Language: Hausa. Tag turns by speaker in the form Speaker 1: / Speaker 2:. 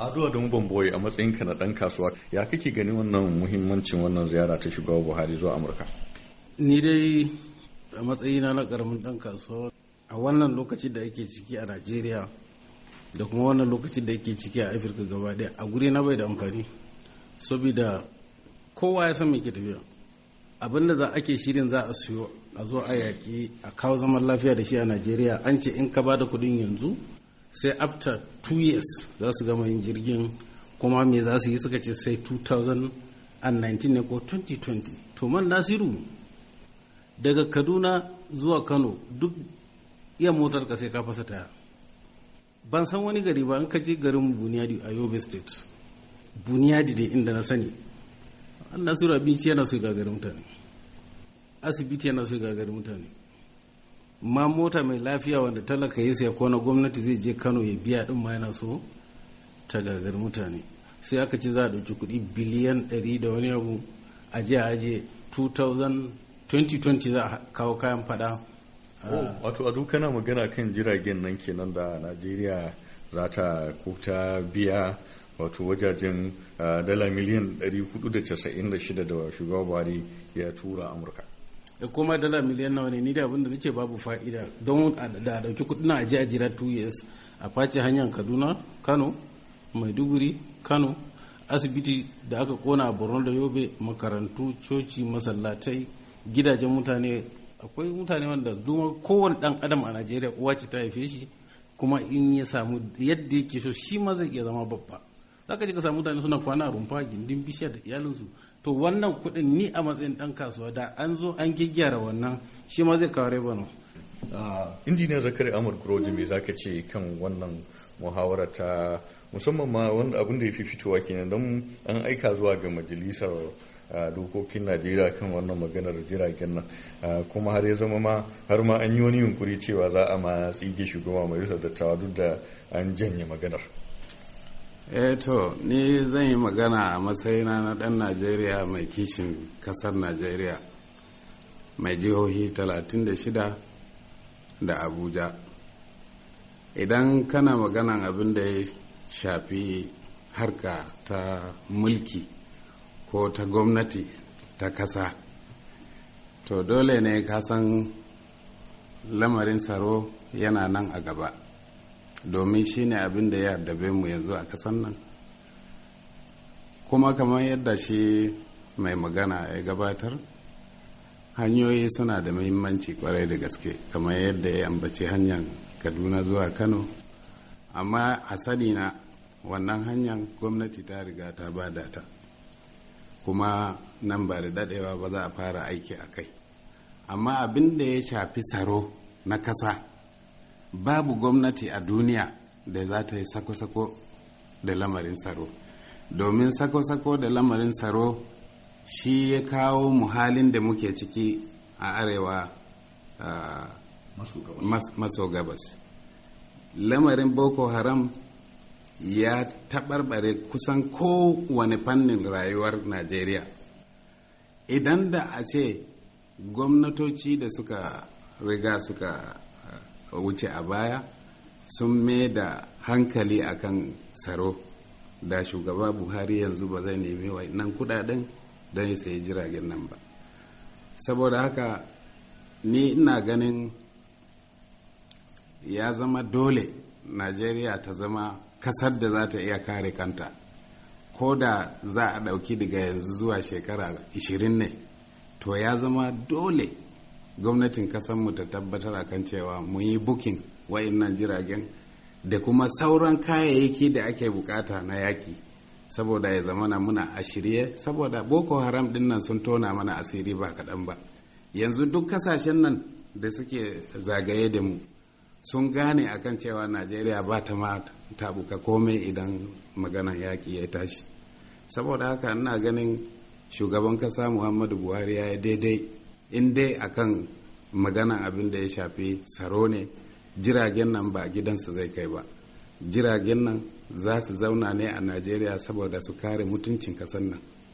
Speaker 1: Aduwa don boy a matsayinka na ɗan kasuwa ya kake gani wannan muhimmancin wannan ziyara ta shugaba Buhari zuwa Amurka?
Speaker 2: Ni dai a matsayina na ƙaramin ɗan kasuwa a wannan lokaci da ake ciki a Najeriya da kuma wannan lokacin da yake ciki a afirka gaba daya a guri na bai da amfani saboda kowa ya san me ke tafiya da za ake shirin za a siyo a zo a yaƙi a kawo zaman lafiya da shi a najeriya an ce in ka ba da kuɗin yanzu sai after two years za su gama yin jirgin kuma me za su yi suka ce sai 2019 ne ko 2020 to man nasiru daga kaduna zuwa kano duk iya motar ka sai ka fasa taya ban san wani gari ba an ka je garin buniyadi a yobe state buniyadi dai inda na sani an nasiru abinci yana so gagarin mutane asibiti yana so gagarin mutane ma mota mai lafiya wanda talaka ya saya ko na gwamnati zai je kano ya biya din ma yana so ta gagar mutane sai aka ce za a ɗauki kuɗi biliyan 100 da wani abu a je a aje 2020 za a kawo kayan fada
Speaker 1: oh, wato a na magana kan jiragen nan kenan da najeriya za ta ko biya wato wajajen ah, dala miliyan 496 da shugaba buhari ya tura amurka
Speaker 2: ya koma dala miliyan nawa ne ni da abinda nake babu fa'ida don da dauki kudi na a jira 2 years a face hanyar kaduna kano maiduguri kano asibiti da aka kona a borno da yobe makarantu coci masallatai gidajen mutane akwai mutane wanda duma kowane dan adam a najeriya uwa ce ta haife shi kuma in ya samu yadda yake so shi ma zai iya zama babba za ka je ka samu mutane suna kwana rumfa gindin bishiya da iyalinsu to wannan kuɗin ni a matsayin ɗan kasuwa da an zo an gyaggyara wannan shi ma zai kawo rebano.
Speaker 1: ne ah, zakari amur kuroji mai zaka ce kan wannan muhawara ta musamman ma wanda abin da ya fi fitowa kenan don an aika zuwa ga majalisar ah, dokokin najeriya kan wannan maganar jiragen nan ah, kuma har ya zama ma har ma an yi wani yunkuri cewa za a ma tsige shugaba majalisar dattawa duk da an janye maganar
Speaker 3: eh to ni zan yi magana a matsayina na ɗan najeriya mai kishin ƙasar najeriya mai jihohi 36 da abuja idan kana maganan abin da ya shafi harka ta mulki ko ta gwamnati ta kasa to dole ne ka san lamarin tsaro yana nan a gaba domin shi ne abin da ya haddabe mu yanzu a kasan nan kuma kamar yadda shi mai magana ya gabatar hanyoyi suna da muhimmanci kwarai da gaske kamar yadda ya ambaci hanyar kaduna zuwa kano amma a sani na wannan hanyar gwamnati ta riga ta bada ta kuma nan ba da dadewa ba za a fara aiki a kai amma abin da ya shafi tsaro na kasa babu gwamnati a duniya da za ta yi sako-sako da lamarin tsaro domin sako-sako da lamarin tsaro shi ya kawo mu halin da muke ciki a arewa maso gabas lamarin boko haram ya taɓarɓare kusan kowane fannin rayuwar najeriya idan da a ce gwamnatoci da suka riga suka wuce a baya sun mai da hankali kan tsaro da shugaba buhari yanzu ba zai nemi nan kudaden don ya sayi jiragen nan ba saboda haka ni ina ganin ya zama dole najeriya ta zama kasar da za ta iya kare kanta ko da za a ɗauki daga yanzu zuwa shekara 20 ne to ya zama dole gwamnatin mu ta tabbatar a kan cewa mun yi bukin wa'in nan jiragen da kuma sauran kayayyaki da ake bukata na yaki saboda ya zamana muna a shirye saboda boko haram din nan sun tona mana asiri ba kaɗan ba yanzu duk kasashen nan da suke zagaye da mu sun gane akan cewa najeriya ba ta ma tabuka komai idan maganan yaki ya tashi saboda haka ina ganin shugaban kasa muhammadu buhari ya yi daidai in dai akan magana abin da ya shafi tsaro ne jiragen nan ba gidansu zai kai ba jiragen nan za su zauna ne a najeriya saboda su kare mutuncin kasar nan